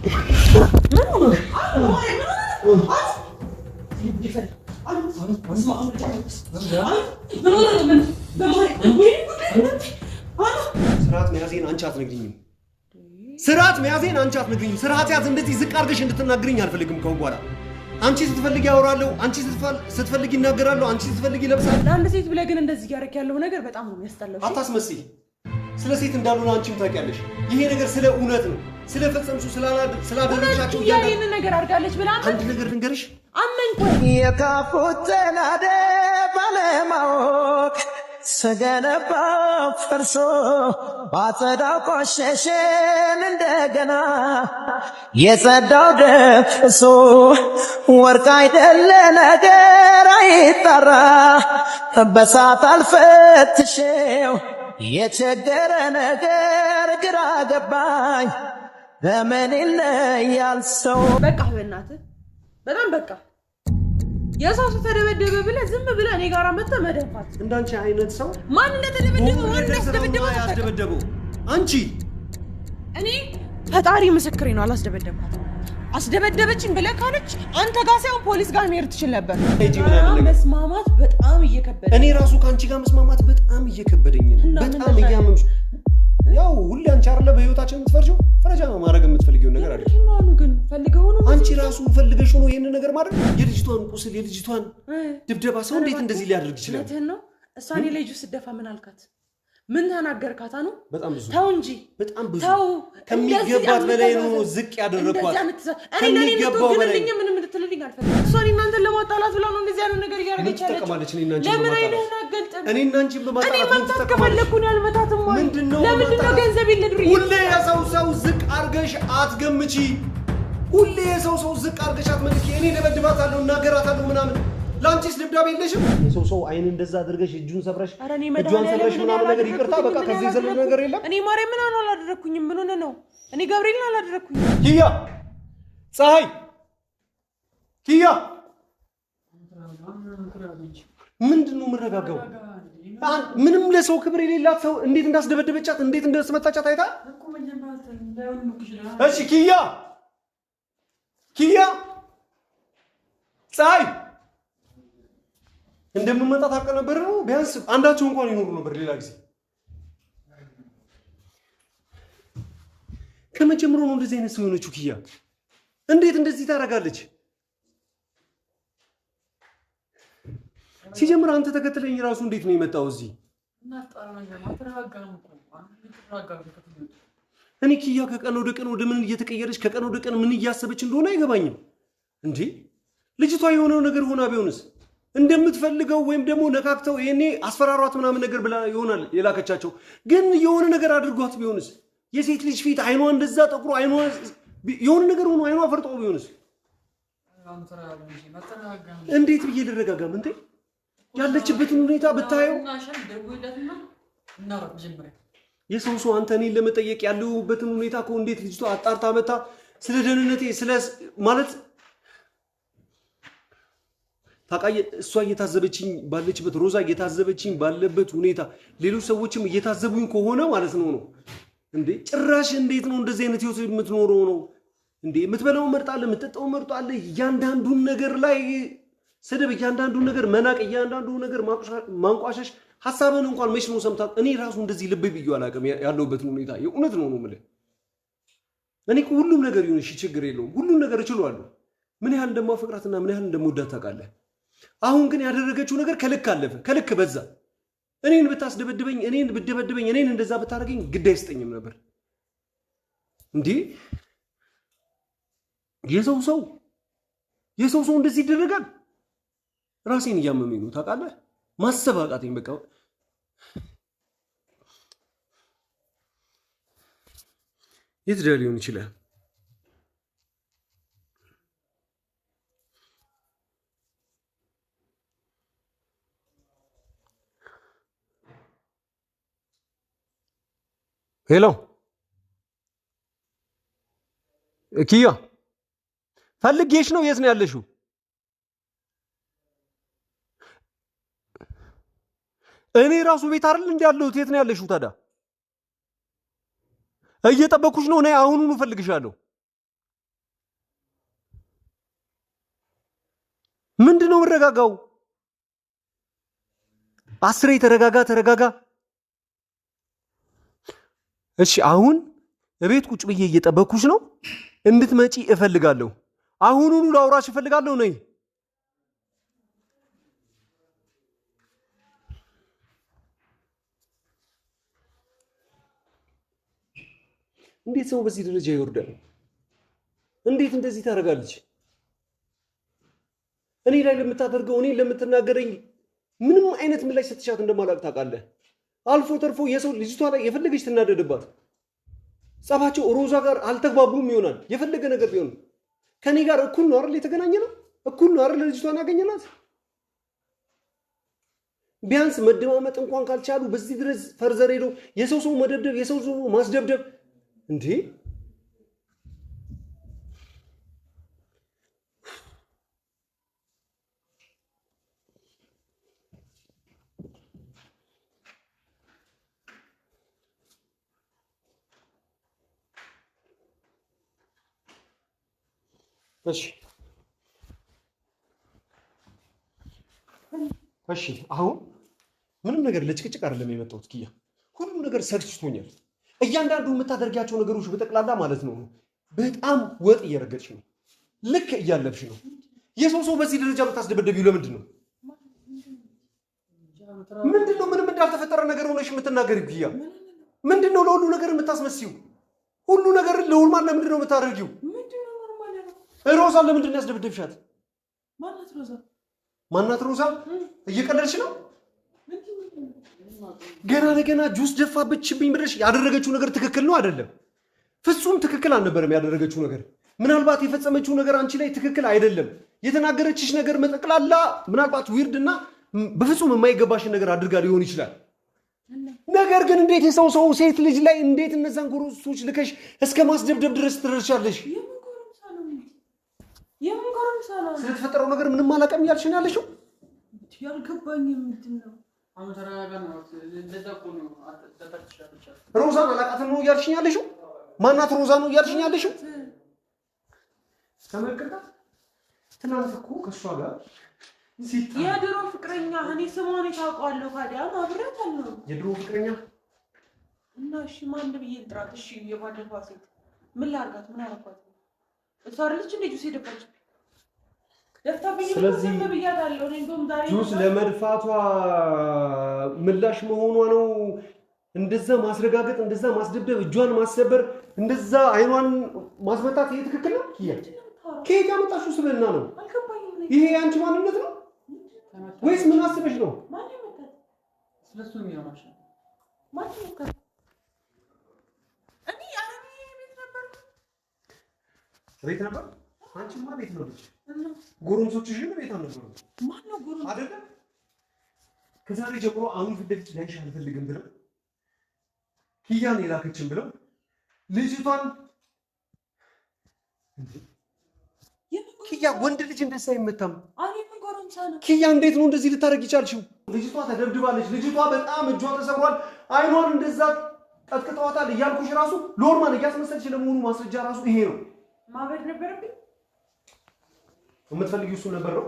ስርዓት መያዜን አንቺ አትነግሪኝም። ስርዓት መያዜን አንቺ አትነግሪኝም። ስርዓት ያዝ። እንደዚህ ዝቅ አድርገሽ እንድትናግሪኝ አልፈልግም። ከው በኋላ አንቺ ስትፈልጊ ያወራለሁ፣ አንቺ ስትፈልጊ ይናገራለሁ፣ አንቺ ስትፈልጊ ይለብሳል። ለአንድ ሴት ብለህ ግን እንደዚህ እያደረክ ያለው ነገር በጣም ነው የሚያስጠላው። አታስመስይ ስለ ሴት እንዳልሆነ አንቺም ታውቂያለሽ። ይሄ ነገር ስለ እውነት ነው። ስለ ፈጸምሽው ስላደረግሻቸው ይህን ነገር አድርጋለች ብላ አንድ ነገር ልንገርሽ፣ አመንኩ የካፉትን አደ ባለማወቅ ስገነባ ፈርሶ ባጸዳው ቆሸሸን እንደገና የጸዳው ደፍሶ ወርቅ አይደለ ነገር አይጠራ በሳት አልፈትሼው የቸገረ ነገር ግራ ገባኝ። በምን ይለያል ሰው። በቃ በእናትህ በጣም በቃ። የሰው ሰው ተደበደበ ብለህ ዝም ብለህ እኔ ጋር መጥተህ መደፋት። እንዳንቺ አይነት ሰው ማን እንደተደበደበ ማን ያስደበደበው? አንቺ እኔ ፈጣሪ ምስክሬ ነው፣ አላስደበደብኳትም አስደበደበችን ብለህ ካለች አንተ ጋር ሳይሆን ፖሊስ ጋር መሄድ ትችል ነበር። መስማማት በጣም እየከበደ እኔ ራሱ ከአንቺ ጋር መስማማት በጣም እየከበደኝ ነው። በጣም እያመምሽ ያው ሁሌ አንቺ አለ በህይወታችን የምትፈርጂው ፈረጃ ነው ማድረግ የምትፈልጊውን ነገር አለ ግን ፈልገው ነው አንቺ ራሱ ፈልገሽ ሆኖ ይህንን ነገር ማድረግ የልጅቷን ቁስል የልጅቷን ድብደባ ሰው እንዴት እንደዚህ ሊያደርግ ይችላል ነው እሷ እኔ ልጁ ስደፋ ምን አልካት? ምን ተናገርካታ ነው? በጣም ብዙ ተው እንጂ በጣም ብዙ ተው። ከሚገባት በላይ ነው ዝቅ ያደረኳት። እኔ ለኔ ምትወግንልኝ ምንም ልትልልኝ አልፈልግም። እሷ እኔ እናንተን ለማጣላት ብላ ነው እንደዚህ አይነት ነገር እያደረገች እናንቺ ለምን አይነህን አገልጥም? እኔ እናንቺ በማጣላት እኔ መምታት ከፈለግኩን ያልመታትም። ምንድነው ለምንድነው ገንዘብ የለድር ሁሌ የሰው ሰው ዝቅ አድርገሽ አትገምቺ። ሁሌ የሰው ሰው ዝቅ አድርገሽ አትመልኪ። እኔ ደበድባታለሁ፣ እናገራታለሁ ምናምን ለአንቺስ ልብዳቤ የለሽም? የሰው ሰው አይን እንደዛ አድርገሽ እጁን ሰብረሽ እጇን ሰብረሽ ምናምን ነገር ይቅርታ፣ በቃ ከዚህ የዘለለ ነገር የለም። እኔ ማርያም ምን አላደረኩኝም። ምን ሆነ ነው? እኔ ገብርኤልን አላደረኩኝ ኪያ ፀሐይ፣ ኪያ ምንድን ነው ምንም ለሰው ክብር የሌላት ሰው እንዴት እንዳስደበደበቻት እንዴት እንዳስመታቻት አይታ። እሺ ኪያ ኪያ ፀሐይ እንደምመጣ ታውቅ ነበር ነው። ቢያንስ አንዳቸው እንኳን ይኖሩ ነበር። ሌላ ጊዜ ከመጀመሩ ነው እንደዚህ አይነት ሰው የሆነችው ኪያ። እንዴት እንደዚህ ታደርጋለች? ሲጀምር አንተ ተከትለኝ ራሱ እንዴት ነው የመጣው እዚህ? እኔ ኪያ ከቀን ወደ ቀን ወደ ምን እየተቀየረች ከቀን ወደ ቀን ምን እያሰበች እንደሆነ አይገባኝም። እንዴ ልጅቷ የሆነው ነገር ሆና ቢሆንስ እንደምትፈልገው ወይም ደግሞ ነካክተው ይሄኔ አስፈራሯት ምናምን ነገር ብላ ይሆናል የላከቻቸው። ግን የሆነ ነገር አድርጓት ቢሆንስ? የሴት ልጅ ፊት አይኗ እንደዛ ጠቁሮ አይኗ የሆነ ነገር ሆኖ አይኗ ፈርጦ ቢሆንስ? እንዴት ብዬ ልረጋጋም? እንዴ ያለችበትን ሁኔታ ብታየው የሰው ሰው አንተ እኔን ለመጠየቅ ያለሁበትን ሁኔታ እኮ እንዴት ልጅቷ አጣርታ መታ ስለ ደህንነቴ ስለ ማለት ታቃየ እሷ እየታዘበችኝ ባለችበት ሮዛ እየታዘበችኝ ባለበት ሁኔታ ሌሎች ሰዎችም እየታዘቡኝ ከሆነ ማለት ነው ነው እንዴ ጭራሽ እንዴት ነው እንደዚህ አይነት ህይወት የምትኖረው ነው እንዴ? የምትበላው መርጣለ የምትጠጣው መርጣለህ። እያንዳንዱን ነገር ላይ ስድብ፣ እያንዳንዱን ነገር መናቅ፣ እያንዳንዱ ነገር ማንቋሸሽ፣ ሀሳብን እንኳን መች ነው ሰምታት። እኔ ራሱ እንደዚህ ልብ ብዬ አላውቅም ያለሁበትን ሁኔታ የእውነት ነው ነው የምልህ። እኔ ሁሉም ነገር ይሁን እሺ፣ ችግር የለውም ሁሉም ነገር እችላለሁ። ምን ያህል እንደማፈቅራትና ምን ያህል እንደምወዳት ታውቃለህ። አሁን ግን ያደረገችው ነገር ከልክ አለፈ፣ ከልክ በዛ። እኔን ብታስደበድበኝ፣ እኔን ብደበድበኝ፣ እኔን እንደዛ ብታደርገኝ ግድ ይስጠኝም ነበር። እንዲህ የሰው ሰው የሰው ሰው እንደዚህ ይደረጋል። ራሴን እያመመኝ ነው ታውቃለህ። ማሰብ አቃተኝ በቃ የት ዳ ሊሆን ይችላል ሄሎ ኪያ ፈልጌሽ ነው። የት ነው ያለሽው? እኔ ራሱ ቤት አይደል እንዲ ያለሁት። የት ነው ያለሽው ታዲያ? እየጠበኩሽ ነው። ነይ አሁኑኑ እፈልግሻለሁ። ምንድን ነው የምረጋጋው? አስሬ ተረጋጋ፣ ተረጋጋ። እሺ አሁን እቤት ቁጭ ብዬ እየጠበኩሽ ነው። እንድትመጪ እፈልጋለሁ። አሁኑኑ ላውራሽ እፈልጋለሁ። ነይ። እንዴት ሰው በዚህ ደረጃ ይወርዳል? እንዴት እንደዚህ ታደርጋለች? እኔ ላይ ለምታደርገው፣ እኔ ለምትናገረኝ ምንም አይነት ምላሽ ስትሻት እንደማላቅ ታውቃለህ። አልፎ ተርፎ የሰው ልጅቷ ላይ የፈለገች ትናደድባት። ጸባቸው ሮዛ ጋር አልተግባቡም ይሆናል። የፈለገ ነገር ቢሆን ከኔ ጋር እኩል ነው አይደል? የተገናኘ ነው እኩል ነው አይደል? ልጅቷን ያገኘናት ቢያንስ መደማመጥ እንኳን ካልቻሉ በዚህ ድረስ ፈርዘር ሄደው የሰው ሰው መደብደብ፣ የሰው ሰው ማስደብደብ እንዴ እሺ አሁን ምንም ነገር ለጭቅጭቅ አይደለም የመጣሁት። ኪያ ሁሉም ነገር ሰልችቶኛል። እያንዳንዱ የምታደርጊያቸው ነገሮች በጠቅላላ ማለት ነው በጣም ወጥ እየረገጥሽ ነው፣ ልክ እያለብሽ ነው። የሰው ሰው በዚህ ደረጃ የምታስደበደቢው ለምንድን ነው? ምንድን ነው? ምንም እንዳልተፈጠረ ነገር ሆነሽ የምትናገሪው ክያ ምንድን ነው ለሁሉ ነገር የምታስመስይው? ሁሉ ነገር ለሁልማን ለምንድን ነው የምታደርጊው? ሮዛ ለምንድን ያስደብደብሻት? ማናት ሮዛ? ማናት ሮዛ? እየቀለድሽ ነው? ገና ለገና ጁስ ደፋብችብኝ ብለሽ ያደረገችው ነገር ትክክል ነው አይደለም? ፍጹም ትክክል አልነበረም ያደረገችው ነገር። ምናልባት የፈጸመችው ነገር አንቺ ላይ ትክክል አይደለም። የተናገረችሽ ነገር መጠቅላላ ምናልባት ዊርድ እና በፍጹም የማይገባሽን ነገር አድርጋ ሊሆን ይችላል። ነገር ግን እንዴት የሰው ሰው ሴት ልጅ ላይ እንዴት እነዛን ጎረሶች ልከሽ እስከ ማስደብደብ ድረስ ትደርሻለሽ? ስለተፈጠረው ነገር ምንም አላውቅም እያልሽ ነው ያለሽው? ያልገባኝም ምንድን ነው ነው እያልሽ ያለሽው? ማናት ሮዛ ነው እያልሽ ያለሽው? ትናንት እኮ ከእሷ ጋር የድሮ ፍቅረኛ እኔ ስሟን ታውቀዋለሁ። ታዲያ ማብረት አለው የድሮ ፍቅረኛ እና እሺ፣ ማን ብዬ ልጥራት? እሺ፣ የባለፈው ሴት ምን ላርጋት? ምን አደረኳት? እሷ ስለዚህ ጁስ ለመድፋቷ ምላሽ መሆኗ ነው። እንደዛ ማስረጋገጥ፣ እንደዛ ማስደብደብ፣ እጇን ማሰበር፣ እንደዛ አይኗን ማስመታት ይሄ ትክክል ነው? ከየት ያመጣሽው ስብዕና ነው? ይሄ የአንቺ ማንነት ነው ወይስ ምን አስበሽ ነው? ቤት ነበር። አንቺማ ቤት ነው ልጅ ጎረምሶችሽ ግን ቤት አልነበሩ። ማን ነው ጎረምሶ? አይደለም ከዛሬ ጀምሮ አሁን ፊት ለፊት ላይሽ አልፈልግም ብለው ኪያን የላከችን ብለው ልጅቷን ኪያ ወንድ ልጅ እንደዛ አይመታም። ኪያ እንዴት ነው እንደዚህ ልታደርግ ይቻልሽው? ልጅቷ ተደብድባለች። ልጅቷ በጣም እጇ ተሰብሯል። አይኗን እንደዛ ቀጥቅጠዋታል። እያልኩሽ ራሱ ሎርማን እያስመሰልሽ ለመሆኑ ማስረጃ ራሱ ይሄ ነው። ማበድ ነበረብኝ። የምትፈልጊው እሱን ነበር ነው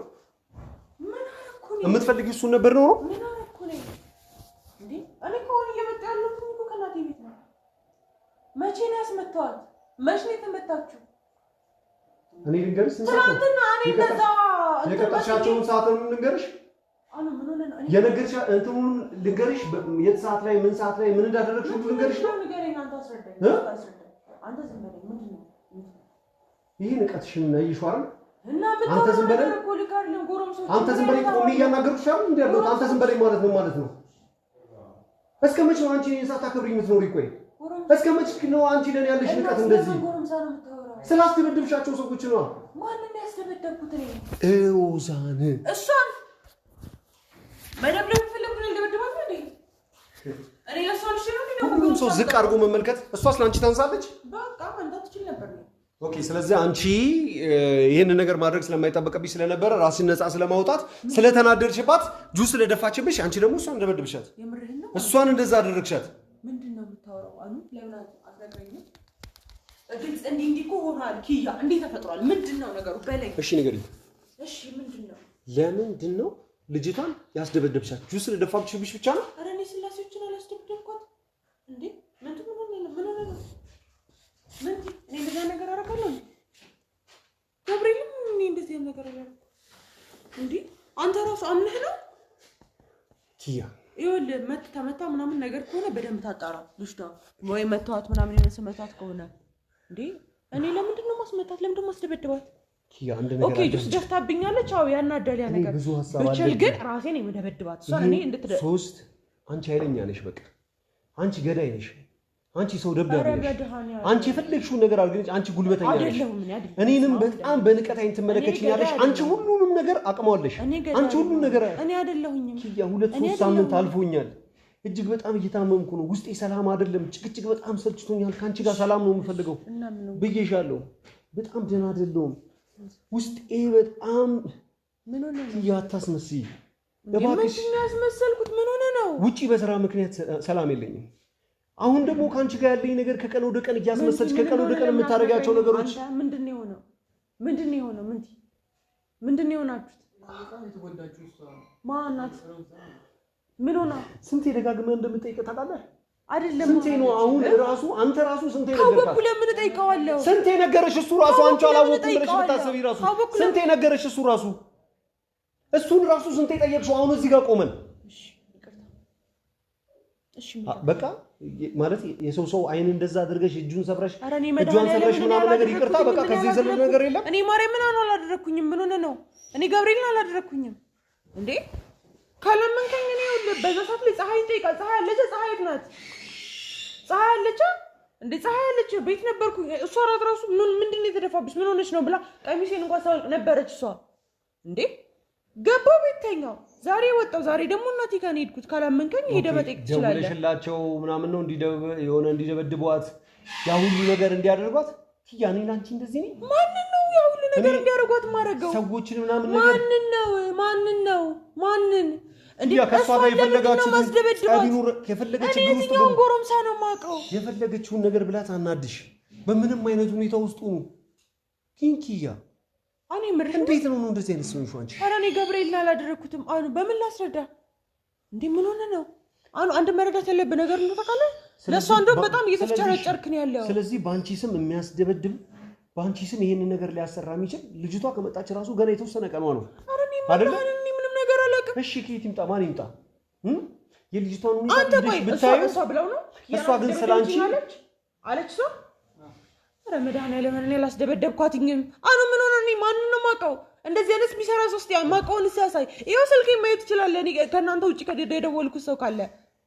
የምትፈልጊው እሱን ነበር ነው። ምን አደረኩ ነኝ እንዴ? እኔ እኮ አሁን እየመጣ ያለሁት እኮ ከእናቴ ቤት ነው። መቼ ነው ያስመታዋል? መቼ ነው የተመታችሁ? እኔ ልንገርሽ፣ ትናንትና እኔ እንደዛ የቀጠርሻቸውን ሰዓት ልንገርሽ የነገርሽ እንትኑን ልንገርሽ፣ የት ሰዓት ላይ ምን ሰዓት ላይ ምን እንዳደረግሽ ልንገርሽ ነው። ይህን ንቀትሽን ይሸዋል። አንተ ዝም በለኝ፣ አንተ ዝም በለኝ፣ ቆሜ እያናገርኩሽ እንደ ያለሁት አንተ ዝም በለኝ ማለት ነው ማለት ነው። እስከ መቼ ነው አንቺ ሳታከብሪ የምትኖሪ? ቆይ እስከ መቼ ነው አንቺ ለኔ ያለሽ ንቀት? እንደዚህ ስላስደበደብሻቸው ሰዎች ነው። ማንን ያስደበደብኩት? እውዛን እሷን መደብደብ ፍለኩን እንደበደባት ነው። እኔ ለሷ ልሽ ነው። ሁሉም ሰው ዝቅ አድርጎ መመልከት፣ እሷስ ለአንቺ ታንሳለች። በቃ ማንዳት ትችል ነበር ነው ኦኬ ስለዚህ አንቺ ይህንን ነገር ማድረግ ስለማይጠበቅብኝ ስለነበረ ራስን ነፃ ስለማውጣት ስለተናደድሽባት ጁስ ስለደፋችብሽ አንቺ ደግሞ እሷን እንደበድብሻት እሷን እንደዛ አደረግሻት። ምንድነው አኑ ኪያ ተፈጥሯል? ምንድነው ነገሩ? እሺ፣ ንገሪኝ። እሺ፣ ምንድነው? ለምንድነው ልጅቷን ያስደበደብሻት? ጁስ ስለደፋችብሽ ብቻ ነው? ኧረ እንዴ! ምንድነው? ምን እኔ እንደዛ ነገር አደርጋለሁ እንዴ? ገብርኤልም እኔ እንደዚህ ያለ ነገር አደርጋለሁ እንዴ? አንተ ራሱ አምነህ ነው ኪያ ይኸውልህ መት ተመታ ምናምን ነገር ከሆነ በደንብ ታጣራ ልጅቷ ወይ መተዋት ምናምን የሆነ ስመቷት ከሆነ እንዴ እኔ ለምንድን ነው ማስመታት? ለምንድን ነው ማስደበድባት? ኦኬ ጁስ ደፍታብኛለች። አዎ ያናዳል ያ ነገር ብችል ግን ራሴን የምደበድባት እሷ እኔ እንድትደ ሶስት አንቺ ኃይለኛ ነሽ። በቃ አንቺ ገዳይ ነሽ። አንቺ ሰው ደብዳቤ ነሽ። አንቺ የፈለግሽውን ነገር አድርገሽ አንቺ ጉልበተኛ ነሽ። እኔንም በጣም በንቀት አይን ትመለከችኛለሽ። አንቺ ሁሉንም ነገር አቅማለሽ። አንቺ ሁሉንም ነገር እኔ አይደለሁኝም። ኪያ ሁለት ሶስት ሳምንት አልፎኛል። እጅግ በጣም እየታመምኩ ነው። ውስጤ ሰላም አይደለም። ጭቅጭቅ በጣም ሰልችቶኛል። ከአንቺ ጋር ሰላም ነው የምፈልገው ብዬሻለሁ። በጣም ደህና አይደለሁም። ውስጤ በጣም ምን ሆነ? ኪያ አታስመስይ እባክሽ። ምን ያስመሰልኩት? ምን ሆነ ነው? ውጪ በስራ ምክንያት ሰላም የለኝም። አሁን ደግሞ ከአንቺ ጋር ያለኝ ነገር ከቀን ወደ ቀን እያስመሰልሽ ከቀን ወደ ቀን የምታደርጋቸው ነገሮች ምንድን ነው የሆነው? ምንድን ነው የሆነው? ምን ምንድን ነው የሆናችሁት? ማናት? ምን ሆና? ስንቴ ደጋግመህ እንደምጠይቀህ ታውቃለህ አይደለም? ስንቴ ነው አሁን ራሱ አንተ ራሱ ስንቴ ነገርሽ? ካው ለምን ጠይቀዋለሁ? ስንቴ ነገርሽ? እሱ ራሱ አንቺ አላወኩም ብለሽ ብታስቢ ራሱ ስንቴ ነገርሽ? እሱ ራሱ እሱን ራሱ ስንቴ ጠየቅሽው? አሁን እዚህ ጋር ቆመን በቃ ማለት የሰው ሰው አይን እንደዛ አድርገሽ እጁን ሰብረሽ እጇን ሰብረሽ ምናምን ነገር ይቅርታ፣ በቃ ከዚህ የዘለለ ነገር የለም። እኔ ማርያም ምን አላደረኩኝም። ምን ሆነ ነው? እኔ ገብርኤልን አላደረኩኝም እንዴ ካለመንከኝ እኔ ይኸውልህ፣ በዛ ሰዓት ላይ ፀሐይ ይጠይቃል። ፀሐይ አለች፣ ፀሐይ ናት? ፀሐይ አለች እንዴ? ፀሐይ አለች፣ ቤት ነበርኩ። እሷ ራት ራሱ ምንድን ነው የተደፋብሽ? ምን ሆነች ነው ብላ ቀሚሴን እንኳን ሳወልቅ ነበረች እሷ እንዴ ገባው ቤተኛው ዛሬ ወጣው። ዛሬ ደግሞ እናቴ ጋር ሄድኩት። ካላመንከኝ ሄደህ መጠየቅ ትችላለህ። ደውለሽላቸው ምናምን ነው የሆነ እንዲደበድቧት ያ ሁሉ ነገር እንዲያደርጓት ትያ እኔን አንቺ እንደዚህ ነኝ። ማንን ነው ያ ሁሉ ነገር እንዲያደርጓት ማድረገው? ሰዎችን ምናምን ነገር ማንን ነው ማንን ነው ማንን እንዴ? የፈለገችውን ነገር ብላት አናድሽ። በምንም አይነት ሁኔታ ውስጡ ነው ኪንኪያ እኔ ምር እንዴት ነው እንደዚህ አይነት ሰው አንቺ? ኧረ እኔ ገብርኤልን አላደረኩትም። አኑ በምን ላስረዳ እንዴ? ምን ሆነ ነው? አኑ? አንድ መረዳት ያለብህ ነገር ነው ታውቃለህ። ለእሷ እንደውም በጣም እየተፍጨረጨርክ ነው ያለው። ስለዚህ በአንቺ ስም የሚያስደበድብ በአንቺ ስም ይሄንን ነገር ሊያሰራ የሚችል ልጅቷ ከመጣች ራሱ ገና የተወሰነ ቀኗ ነው አይደለ? እኔ ምንም ነገር አላውቅም። እሺ ከየት ይምጣ ማን ይምጣ? የልጅቷን ሁኔታ ብታዩ እሷ ብለው ነው። እሷ ግን ስለ አለች አለች ሰው መድኃኒዓለም እኔ ላስደበደብኳትኝም። አኑ ምን ሆነ? እኔ ማንን ነው የማውቀው? እንደዚህ አይነት የሚሰራ ሶስት እስኪ የማውቀውን ሲያሳይ፣ ይኸው ስልኬ ማየት ትችላለህ። እኔ ከእናንተ ውጭ የደወልኩት ሰው ካለ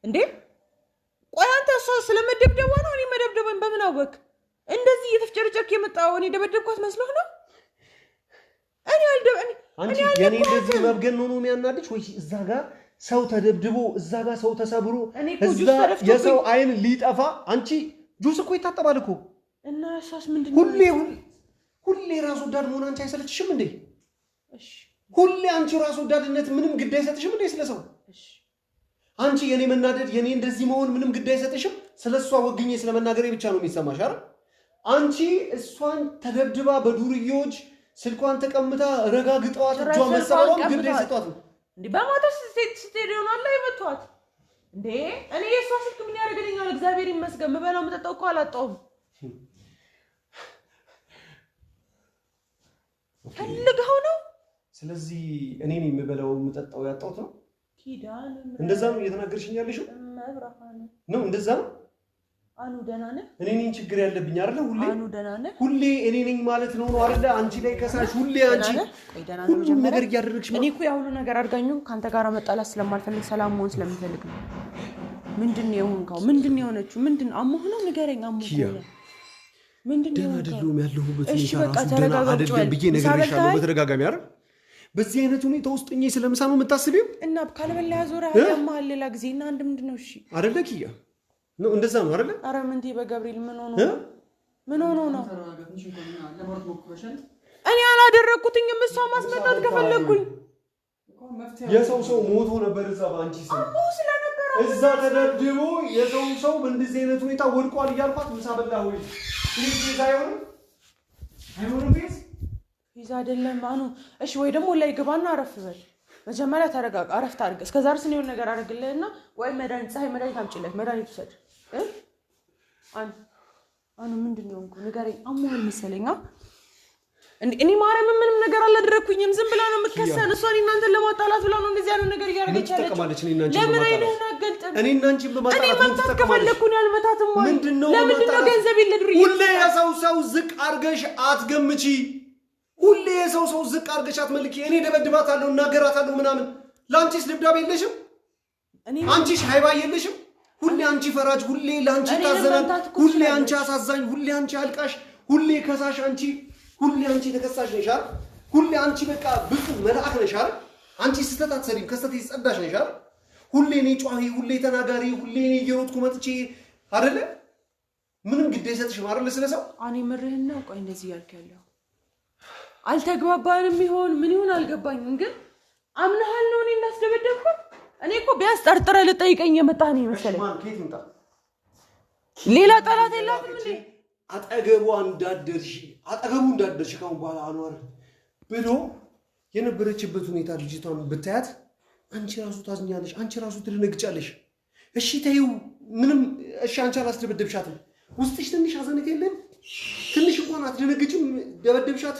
እንዴ? ቆይ አንተ እሷ ስለመደብደቧ ነው እኔ መደብደቧን በምን አወቅ? እንደዚህ እየተፍጨርጨርክ የመጣው እኔ ደበደብኳት መስሎህ ነው? እኔ አልደበ አንቺ የኔ እንደዚህ መብገን ነው ነው የሚያናድሽ ወይ እዛ ጋር ሰው ተደብድቦ እዛ ጋር ሰው ተሰብሮ እዛ የሰው አይን ሊጠፋ አንቺ ጁስ እኮ ይታጠባል እኮ እና እሷስ ምንድን ሁሌ ሁሌ ራስ ወዳድ መሆን አንቺ አይሰለችሽም እንዴ? ሁሌ አንቺ ራስ ወዳድነት ምንም ግድ አይሰጥሽም እንዴ? ስለሰው አንቺ የኔ መናደድ የኔ እንደዚህ መሆን ምንም ግድ አይሰጥሽም። ስለ እሷ ወግኜ ስለ መናገሬ ብቻ ነው የሚሰማሽ አይደል? አንቺ እሷን ተደብድባ በዱርዮች ስልኳን ተቀምታ ረጋ ግጠዋት እጇ መሰበሯን ግድ አይሰጧትም እንዴ? በማታስ ስትሄድ ይሆናል የመቷት እንዴ? እኔ የእሷ ስልክ ምን ያደርግልኛል? እግዚአብሔር ይመስገን ምበላው የምጠጣው እኮ አላጣሁም። ፈልገው ነው። ስለዚህ እኔን የምበላው የምጠጣው ያጣሁት ነው። እንደዛ ነው እየተናገርሽኝ ያለሽው ነው። እንደዛ ነው። አኑ ደህና ነህ? እኔ ነኝ ችግር ያለብኝ አይደለ? ሁሌ አኑ ደህና ነህ? ሁሌ እኔ ነኝ ማለት ነው ነው አይደለ? አንቺ ላይ ከሳሽ ሁሌ አንቺ ሁሉም ነገር እያደረግሽ እኔ እኮ ያ ሁሉ ነገር አድርጋኝ ከአንተ ጋር መጣላት ስለማልፈልግ ሰላም መሆን ስለምፈልግ ነው። ምንድን ነው የሆንከው? ምንድን ነው የሆነችው? ምንድን አሞህ ነው? ንገረኝ። አሞህ ነው ደህና አይደለሁም ያለሁበት ሁኔታ አይደለም ብዬ ነግሬሻለሁ በተደጋጋሚ አይደል በዚህ አይነት ሁኔታ ውስጥ እኛ ስለምሳ ነው የምታስቢው እና ካልበላ ያዞረ ያማል ሌላ ጊዜ እና አንድ ምንድን ነው እሺ አይደለ ኪያ ነው እንደዛ ነው አይደለ ኧረ ምንቴ በገብርኤል ምን ሆኖ ምን ሆኖ ነው እኔ አላደረግኩትኝም እሷ ማስመጣት ከፈለግኩኝ የሰው ሰው ሞቶ ነበር እዛ በአንቺ ስለ እዛ ተደርድቦ የሰው ሰው በእንደዚህ አይነት ሁኔታ ወድቋል እያልኳት ምሳ በላ ወይ ፕሊዝ ቤዛ አይሆንም አይሆንም ቤዝ አይደለም አኑ እሺ ወይ ደግሞ ላይ ግባና አረፍ በል መጀመሪያ ተረጋጋ አረፍት አድርግ እስከ ዛሬ ስን የሆነ ነገር አደርግልህና ወይ መድኃኒት ፀሐይ መድኃኒት አምጪለት መድኃኒት ውሰድ አኑ አኑ ምንድን ነው ንገረኝ አሞሃል መሰለኝ እኔ ማርያም ምንም ነገር አላደረኩኝም። ዝም ብላ ነው የምትከሰን። እሷ እናንተን ለማጣላት ብላ ነው እንደዚህ አይነት ነገር እያደረገች ያለችው። ለምን አይነህን አገልጥም? እኔ መምታት ከፈለኩ ነው ያልመታትም። ምንድን ነው ገንዘብ የለ ሁሌ የሰው ሰው ዝቅ አድርገሽ አትገምቺ። ሁሌ የሰው ሰው ዝቅ አድርገሽ አትመልኪ። እኔ ደበድባታለሁ፣ እናገራታለሁ ምናምን። ለአንቺስ ድብዳቤ የለሽም? አንቺሽ ሀይባ የለሽም? ሁሌ አንቺ ፈራጅ፣ ሁሌ ለአንቺ ታዘናል፣ ሁሌ አንቺ አሳዛኝ፣ ሁሌ አንቺ አልቃሽ፣ ሁሌ ከሳሽ አንቺ ሁሌ አንቺ ተከሳሽ ነሽ አይደል? ሁሌ አንቺ በቃ ብፁ መልአክ ነሽ አይደል? አንቺ ስህተት አትሰሪም፣ ከስህተት የተጸዳሽ ነሽ አይደል? ሁሌ እኔ ጨዋሂ፣ ሁሌ ተናጋሪ፣ ሁሌ እኔ እየሮጥኩ መጥቼ አይደለ? ምንም ግድ አይሰጥሽም አይደል? ስለሰው እኔ ምርህን ነው። ቆይ እንደዚህ እያልክ ያለው አልተግባባንም ይሆን ምን ይሆን አልገባኝም፣ ግን አምናሃል ነው እኔ እንዳስደበደብኩት። እኔ እኮ ቢያንስ ጠርጥረህ ልጠይቀኝ የመጣህ ነው የመሰለኝ። ሌላ ጠላት የላትም እንዴ? አጠገቡ እንዳደርሽ አጠገቡ እንዳደርሽ በኋላ አኗር ብሎ የነበረችበት ሁኔታ ልጅቷን ብታያት አንቺ ራሱ ታዝኛለሽ፣ አንቺ ራሱ ትደነግጫለሽ። እሺ ተይው ምንም እሺ፣ አንቺ አላስደበደብሻትም። ውስጥሽ ትንሽ አዘነት የለም? ትንሽ እንኳን አትደነግጭም? ደበደብሻት፣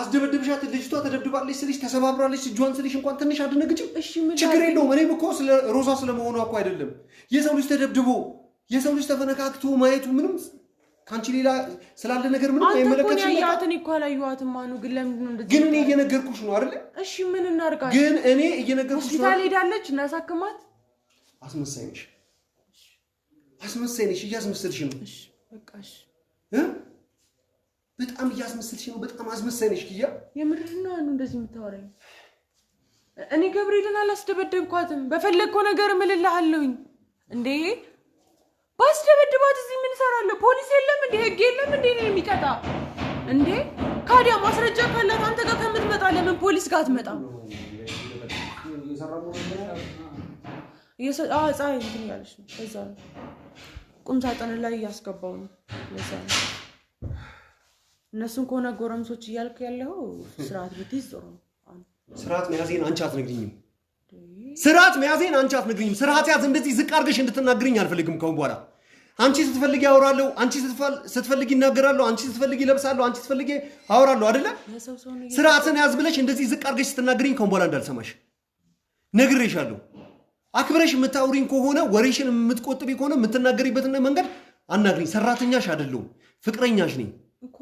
አስደበደብሻት። ልጅቷ ተደብድባለች ስልሽ ተሰባብራለች እጇን ስልሽ እንኳን ትንሽ አትደነግጭም? ችግር የለውም። እኔም እኮ ሮዛ ስለመሆኗ እኮ አይደለም የሰው ልጅ ተደብድቦ የሰው ልጅ ተፈነካክቶ ማየቱ ምንም ከአንቺ ሌላ ስላለ ነገር ምንም አይመለከትሽ። ያትን እኮ አላየኋትም። ማኑ ግን ለምንድን ነው እንደዚህ? ግን እኔ እየነገርኩሽ ነው አይደለ? እሺ ምን እናድርጋለን? ግን እኔ እየነገርኩሽ ነው። ሆስፒታል ሄዳለች፣ እናሳክማት። አስመሳይ ነሽ፣ አስመሳይ ነሽ፣ እያስመሰልሽ ነው። እሺ በቃ እሺ እ በጣም እያስመሰልሽ ነው። በጣም አስመሳይ ነሽ ኪያ። የምርህን ነው እንደዚህ የምታወራኝ? እኔ ገብርኤልን አላስደበደብኳትም። በፈለግከው ነገር እምልልሃለሁኝ እንዴ ባስደበድባት እዚህ ምን እሰራለሁ? ፖሊስ የለም እንዴ? ህግ የለም እንዴ? እኔን የሚቀጣ እንዴ? ካዲያ ማስረጃ ካላት አንተ ጋር ከምትመጣ ለምን ፖሊስ ጋር አትመጣም? ፀሐይ እንትን እያለች ነው። እዛ ነው ቁም ሳጥን ላይ እያስገባው ነው። ዛ እነሱን ከሆነ ጎረምሶች እያልክ ያለው ስርዓት ብትይዝ ጥሩ ነው። ስርዓት መያዜን አንቺ አትነግሪኝም። ስርዓት መያዜን አንቺ አትነግሪኝም። ስርዓት ያዝ። እንደዚህ ዝቅ አድርገሽ እንድትናገርኝ አልፈልግም ከሁን በኋላ። አንቺ ስትፈልጊ አወራለሁ፣ አንቺ ስትፈልጊ ይናገራለሁ፣ አንቺ ስትፈልጊ ይለብሳለሁ፣ አንቺ ስትፈልጊ አወራለሁ። አደለ ስርዓትን ያዝ ብለሽ እንደዚህ ዝቅ አድርገሽ ስትናገርኝ ከሁን በኋላ እንዳልሰማሽ ነግሬሻለሁ። አክብረሽ የምታውሪኝ ከሆነ ወሬሽን የምትቆጥቢ ከሆነ የምትናገሪበትን መንገድ አናግሪኝ። ሰራተኛሽ አይደለሁም፣ ፍቅረኛሽ ነኝ እኮ።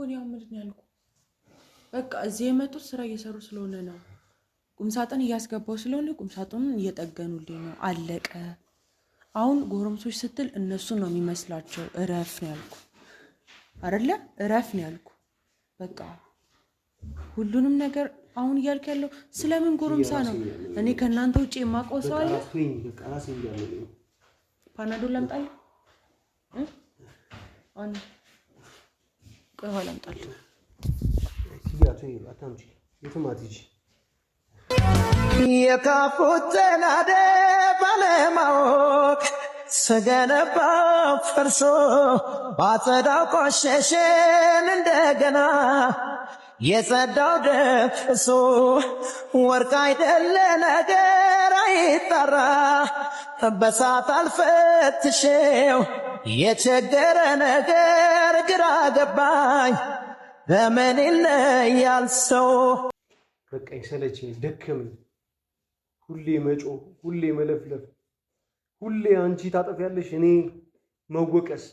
በቃ እዚህ የመጡት ስራ እየሰሩ ስለሆነ ነው ቁምሳጥን እያስገባው ስለሆነ ቁምሳጥኑን እየጠገኑልኝ ነው። አለቀ። አሁን ጎረምሶች ስትል እነሱ ነው የሚመስላቸው። እረፍ ነው ያልኩ አይደለ? እረፍ ነው ያልኩ። በቃ ሁሉንም ነገር አሁን እያልክ ያለው ስለምን ጎረምሳ ነው? እኔ ከእናንተ ውጭ የማውቀው ሰው አለ? ፓናዶል ላምጣልህ? ቆይ ውሃ ላምጣልህ። የካፉት ጤናዴ ባለማወቅ ስገነባ ፈርሶ ባጸዳው ቆሸሸን እንደገና የጸዳው ደፍሶ ወርቅ አይደለ ነገር አይጠራ በሳት አልፈትሼው የቸገረ ነገር ግራ ገባኝ በምን ይለያል ሰው በቃ ሰለቸኝ፣ ደከመኝ፣ ሁሌ መጮ ሁሌ መለፍለፍ፣ ሁሌ አንቺ ታጠፊያለሽ፣ እኔ መወቀስ፣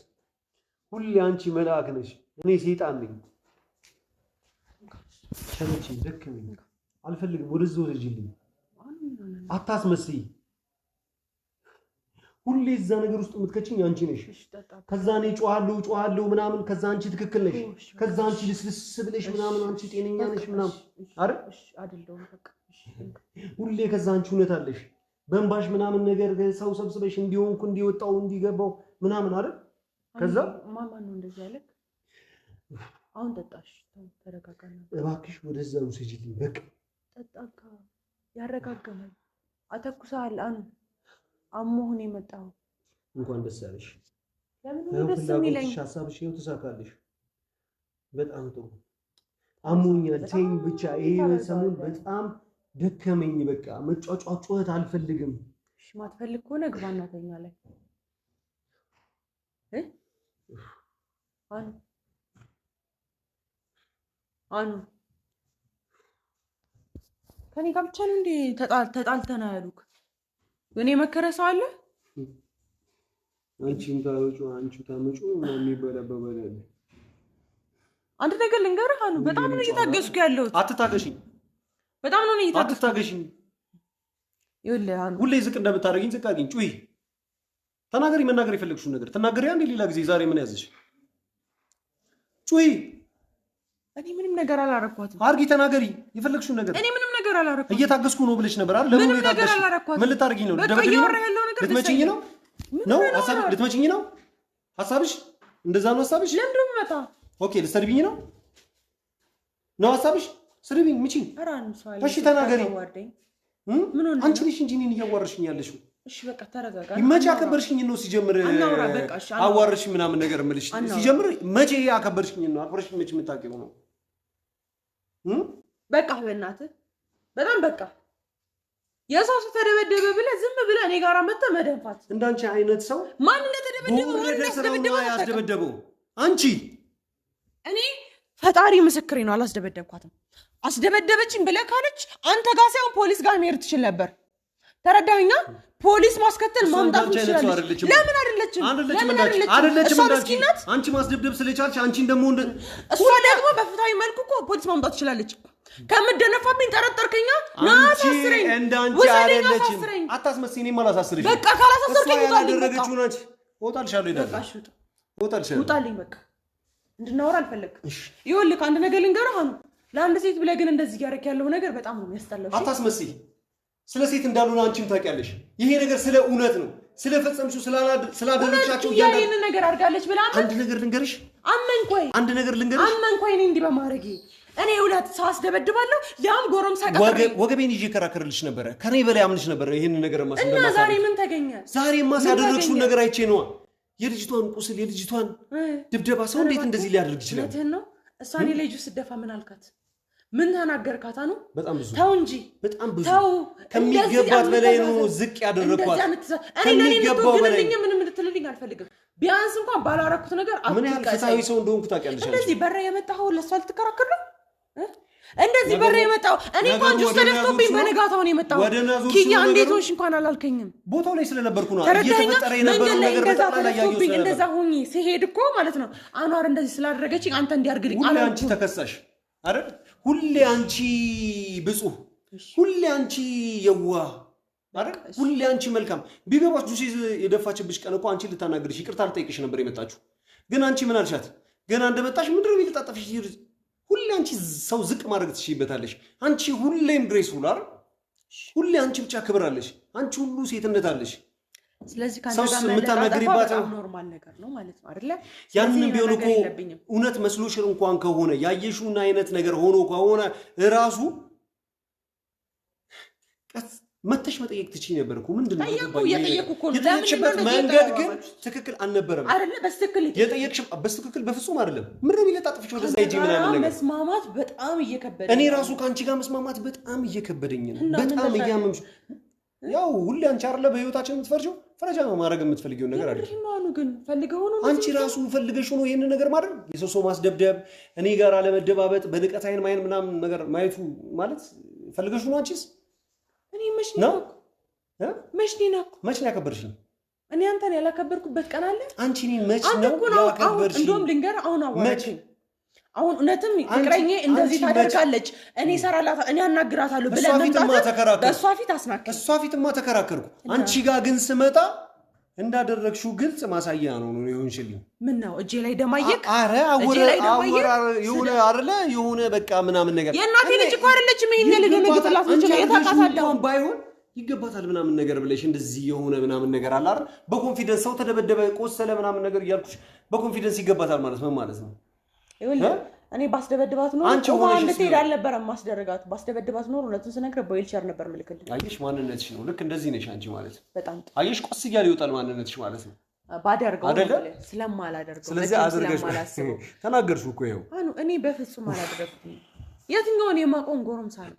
ሁሌ አንቺ መልአክ ነሽ፣ እኔ ሴጣን ነኝ፣ ሰለቸኝ፣ ደከመኝ፣ አልፈልግም፣ ወደዚህ ወደጅልኝ፣ አታስመስይ ሁሌ እዛ ነገር ውስጥ የምትከችኝ አንቺ ነሽ። ከዛ እኔ ጮሃለሁ ጮሃለሁ ምናምን፣ ከዛ አንቺ ትክክል ነሽ፣ ከዛ አንቺ ልስልስ ብለሽ ምናምን፣ አንቺ ጤነኛ ነሽ ምናምን አይደል? ሁሌ ከዛ አንቺ እውነት አለሽ፣ በእንባሽ ምናምን ነገር ሰው ሰብስበሽ እንዲሆንኩ እንዲወጣው እንዲገባው ምናምን አይደል? ከዛ ማማ ነው እንደዚህ ያለ አሁን ጠጣሽ፣ ተረጋጋ እባክሽ፣ ወደዛ ውሰጂልኝ በቃ ጠጣ፣ ያረጋጋል። አተኩሳል አሁን አሞህን የመጣው እንኳን ደስ ያለሽ። ለምን ደስ የሚለኝ ሀሳብሽ ይኸው ተሳካልሽ። በጣም ጥሩ አሞኛል ተይኝ ብቻ። ይሄ ሰሞን በጣም ደከመኝ። በቃ መጫጫ ጩኸት አልፈልግም። እሺ ማትፈልግ ከሆነ ግባ እናተኛ ላይ አኑ አኑ ከኔ ጋር ብቻ ነው እንዴ ተጣልተና ያሉክ? እኔ መከረ ሰው አለ? አንቺን ታወጩ አንቺ ታመጩ የሚበለበበላል። አንድ ነገር ልንገርህ አኑ፣ በጣም ነው እየታገስኩ ያለሁት። አትታገሽኝ። በጣም ነው እየታገስኩ። አትታገሽኝ። ይኸውልህ አኑ፣ ሁሌ ዝቅ እንደምታደርጊኝ ዝቅ አድርጊኝ። ጩይ ተናገሪ፣ መናገር የፈለግሽው ነገር ተናገሪ። አንዴ ሌላ ጊዜ ዛሬ ምን ያዘሽ? ጩይ እኔ ምንም ነገር አላረኳትም። አርጊ፣ ተናገሪ የፈለግሽው ነገር እኔ ነገር አላረኩ። እየታገስኩ ነው ብለሽ ነበር አይደል? ለምን ነገር አላረኩም። ምን ልታርጊኝ ነው? ነው? ልትመጪኝ ነው ነው ሀሳብሽ? ልትመጪኝ ነው ሀሳብሽ? እንደዛ ነው ሀሳብሽ? ለምን ነው መጣ? ኦኬ ልትሰድቢኝ ነው ነው ሀሳብሽ? ስድብኝ፣ ምቺኝ። እሺ ተናገሪ። አንቺ ልሽ እንጂ እኔን እያዋረሽኝ ያለሽው እሺ በቃ ተረጋጋ። መቼ አከበርሽኝ ነው? ሲጀምር አዋርሽ ምናምን ነገር ምልሽ ሲጀምር መቼ አከበርሽኝ ነው? አክብረሽኝ መቼ የምታውቂው ነው? በቃ በእናትህ በጣም በቃ የሰው ሰው ተደበደበ ብለህ ዝም ብለህ እኔ ጋር መጥተህ መደንፋት። እንዳንቺ አይነት ሰው ማን እንደተደበደበው አንቺ። እኔ ፈጣሪ ምስክሬ ነው፣ አላስደበደብኳትም። አስደበደበችኝ ብለህ ካለች አንተ ጋር ሳይሆን ፖሊስ ጋር መሄድ ትችል ነበር። ተረዳኝና ፖሊስ ማስከተል ማምጣት ትችላለች። ለምን አይደለችም? ለምን አይደለችም? አንቺ ማስደብደብ ስለቻልሽ አንቺን ደግሞ እሷ ደግሞ በፍትሃዊ መልኩ እኮ ፖሊስ ማምጣት ትችላለች። ከምደነፋብኝ ጠረጠርከኛ? ናሳስረኝ ውሰደኝ፣ በቃ ካላሳሰርከኝ ውጣልኝ። በቃ እንድናወራ አልፈለግም። ይኸውልህ አንድ ነገር ልንገርህ አሁን ለአንድ ሴት ብለህ ግን እንደዚህ እያደረክ ያለው ነገር በጣም ነው የሚያስጠላው። አታስመስይ። ስለ ሴት እንዳልሆነ አንቺም ታውቂያለሽ። ይሄ ነገር ስለ እውነት ነው። ስለፈጸምሽው ስላደረግሻቸው ያንን ነገር አድርጋለች ብላ አንድ ነገር ልንገርሽ፣ አመንኩ ወይ አንድ ነገር ልንገርሽ፣ አመንኩ ወይ እኔ እንዲህ በማድረጌ እኔ ሁለት ሰው አስደበድባለሁ። ያም ጎረምሳ ወገቤን ይዤ ከራከርልሽ ነበረ። ከኔ በላይ አምንሽ ነበረ ይህን ነገር እና ዛሬ ምን ተገኘ? ዛሬማ ያደረግሽውን ነገር አይቼ ነዋ። የልጅቷን ቁስል የልጅቷን ድብደባ ሰው እንዴት እንደዚህ ሊያደርግ ይችላል? እሷ እኔ ልጁ ስደፋ ምን አልካት? ምን ተናገርካታ ነው? በጣም ብዙ ተው እንጂ በጣም ብዙ ተው። ከሚገባት በላይ ነው ዝቅ ያደረኳት። እኔ ለኔ ምትወግንልኝ ምንም እንድትልልኝ አልፈልግም። ቢያንስ እንኳን ባላረኩት ነገር ምን ያህል ፍትሃዊ ሰው እንደሆንኩ ታውቂያለሽ። እንደዚህ በረ የመጣኸው ለእሷ ልትከራከር ነው? እንደዚህ በረ የመጣው እኔ እንኳን ጁስ ተደፍቶብኝ በነጋታው ነው የመጣው። ኪያ እንዴት ሆንሽ እንኳን አላልከኝም። ቦታው ላይ ስለነበርኩ ነው እየተፈጠረ የነበረው ነገር በጠቅላላ ያየሁት። እንደዛ ሆኜ ሲሄድ እኮ ማለት ነው አኗር እንደዚህ ስላደረገችኝ አንተ እንዲያርግልኝ አንቺ ተከሳሽ አይደል ሁሌ አንቺ ብፁህ፣ ሁሌ አንቺ የዋ ሁሌ አንቺ መልካም። ቢገባች ጁሲ የደፋችብሽ ቀን እኮ አንቺ ልታናግርሽ ይቅርታ ልጠይቅሽ ነበር የመጣችሁ። ግን አንቺ ምን አልሻት? ገና እንደመጣሽ ምድር የሚልጣጠፍሽ ሁሌ አንቺ ሰው ዝቅ ማድረግ ትችይበታለሽ። አንቺ ሁሌም ግሬስ ሁላር፣ ሁሌ አንቺ ብቻ ክብር አለሽ። አንቺ ሁሉ ሴትነት አለሽ። ስለዚህ የምታናግሪባትን ኖርማል ነገር ነው ማለት ነው አይደለ? ያንን ቢሆን እኮ እውነት መስሎሽ እንኳን ከሆነ ያየሽውን አይነት ነገር ሆኖ ከሆነ እራሱ መተሽ መጠየቅ ትችይ ነበር እኮ። ምንድን ነው የጠየቅሽበት መንገድ ግን ትክክል አልነበረም። በስትክክል በፍጹም አይደለም። ምንድን ነው የሚለጣጥፍሽ ወደዛ ሂጂ ምናምን ነገር። መስማማት በጣም እየከበደኝ እኔ ራሱ ከአንቺ ጋር መስማማት በጣም እየከበደኝ ነው። በጣም እያመምሽ ያው ሁሌ አንቺ አይደለ በህይወታችን የምትፈርጂው ፈረጃ ማድረግ የምትፈልጊውን ነገር አይደል? ግን ፈልገው ነው አንቺ ራሱ ፈልገሽ ሆኖ ይሄንን ነገር ማድረግ የሰው ሰው ማስደብደብ፣ እኔ ጋር አለመደባበጥ፣ በንቀት አይን ማይን ምናምን ነገር ማየቱ ማለት ፈልገሽ ሆኖ አንቺስ እኔ መች ነው መች ነው መች ነው ያከበርሽኝ? እኔ አንተን ያላከበርኩበት ቀን አለ? አንቺ እኔን መች ነው ያከበርሽኝ? እንደውም ልንገር አሁን አዋራችኝ አሁን እውነትም ፍቅረኛ እንደዚህ ታደርጋለች፣ እኔ ሰራላ እኔ አናግራታለሁ ብለህ በእሷ ፊት አስናክል። እሷ ፊትማ ተከራከርኩ። አንቺ ጋ ግን ስመጣ እንዳደረግሽው ግልጽ ማሳያ ነው ነው ይሆንሽልኝ። ምን ነው እጄ ላይ ደማየቅ? አረ አወረ የሆነ አለ የሆነ በቃ ምናምን ነገር የእናቴ ልጅ እኮ አይደለችም። ይሄን ልንግትላት ትችላ የታቃታለሁ ባይሆን ይገባታል ምናምን ነገር ብለሽ እንደዚህ የሆነ ምናምን ነገር አለ አይደል? በኮንፊደንስ ሰው ተደበደበ፣ ቆሰለ ምናምን ነገር እያልኩሽ በኮንፊደንስ ይገባታል ማለት ምን ማለት ነው? እኔ ባስደበድባት ኖሮ እንድትሄድ አልነበረም ማስደረጋት። ባስደበድባት ኖሮ እውነቱን ስነግርህ በዊልቸር ነበር ምልክልህ። አየሽ፣ ማንነትሽ ነው። ልክ እንደዚህ ነሽ አንቺ ማለት በጣም አየሽ፣ ቆስ እያለ ይወጣል ማንነትሽ ማለት ነው። ባደርገው ስለማላደርገው ስለዚህ አድርገሽ ተናገርሽ እኮ ይኸው። እኔ በፍጹም አላደረግኩም። የትኛውን የማቆም ጎረምሳ ነው?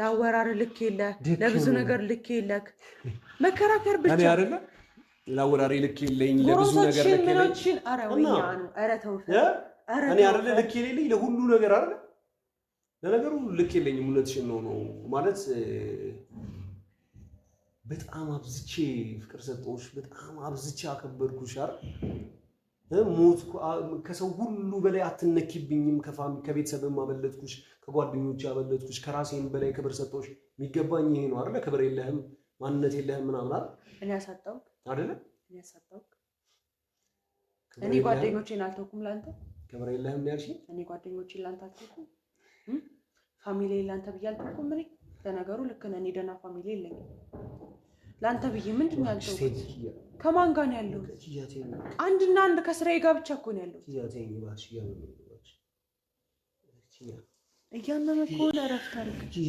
ለአወራር ልክ የለ፣ ለብዙ ነገር ልክ የለክ፣ መከራከር ብቻ አይደለ ለአወራሪ ልክ የለኝ፣ ለብዙ ነገር ልክ የለኝ። ኧረ ተው እኔ አይደለ ልክ የሌለኝ ለሁሉ ነገር አይደለ። ለነገሩ ልክ የለኝም፣ እውነትሽን ነው ነው ማለት በጣም አብዝቼ ፍቅር ሰጠሁሽ፣ በጣም አብዝቼ አከበርኩሽ። አረ ሞት ከሰው ሁሉ በላይ አትነኪብኝም፣ ከፋም ከቤተሰብም አበለጥኩሽ፣ ከጓደኞች አበለጥኩሽ፣ ከራሴን በላይ ክብር ሰጠሁሽ። የሚገባኝ ይሄ ነው አይደለ? ክብር የለህም፣ ማንነት የለህም ምናምን አይደል? እኔ አሳጣሁህ አይደለ? እኔ አሳጣሁህ። እኔ ጓደኞቼን አልተውኩም ላንተ ክብር የለህም ነው ያልሽኝ? እኔ ጓደኞቼ ላንተ አትልኩም፣ ፋሚሊ ላንተ ብዬ አልኩኩም። ምን ለነገሩ ልክ ነህ። እኔ ደህና ፋሚሊ የለኝም። ላንተ ብዬ ምንድን ነው ያልኩት? ከማን ጋር ነው ያለው? አንድና አንድ ከስራዬ ጋር ብቻ እኮ ነው ያለው። እያመመ ከሆነ እረፍት አድርግ።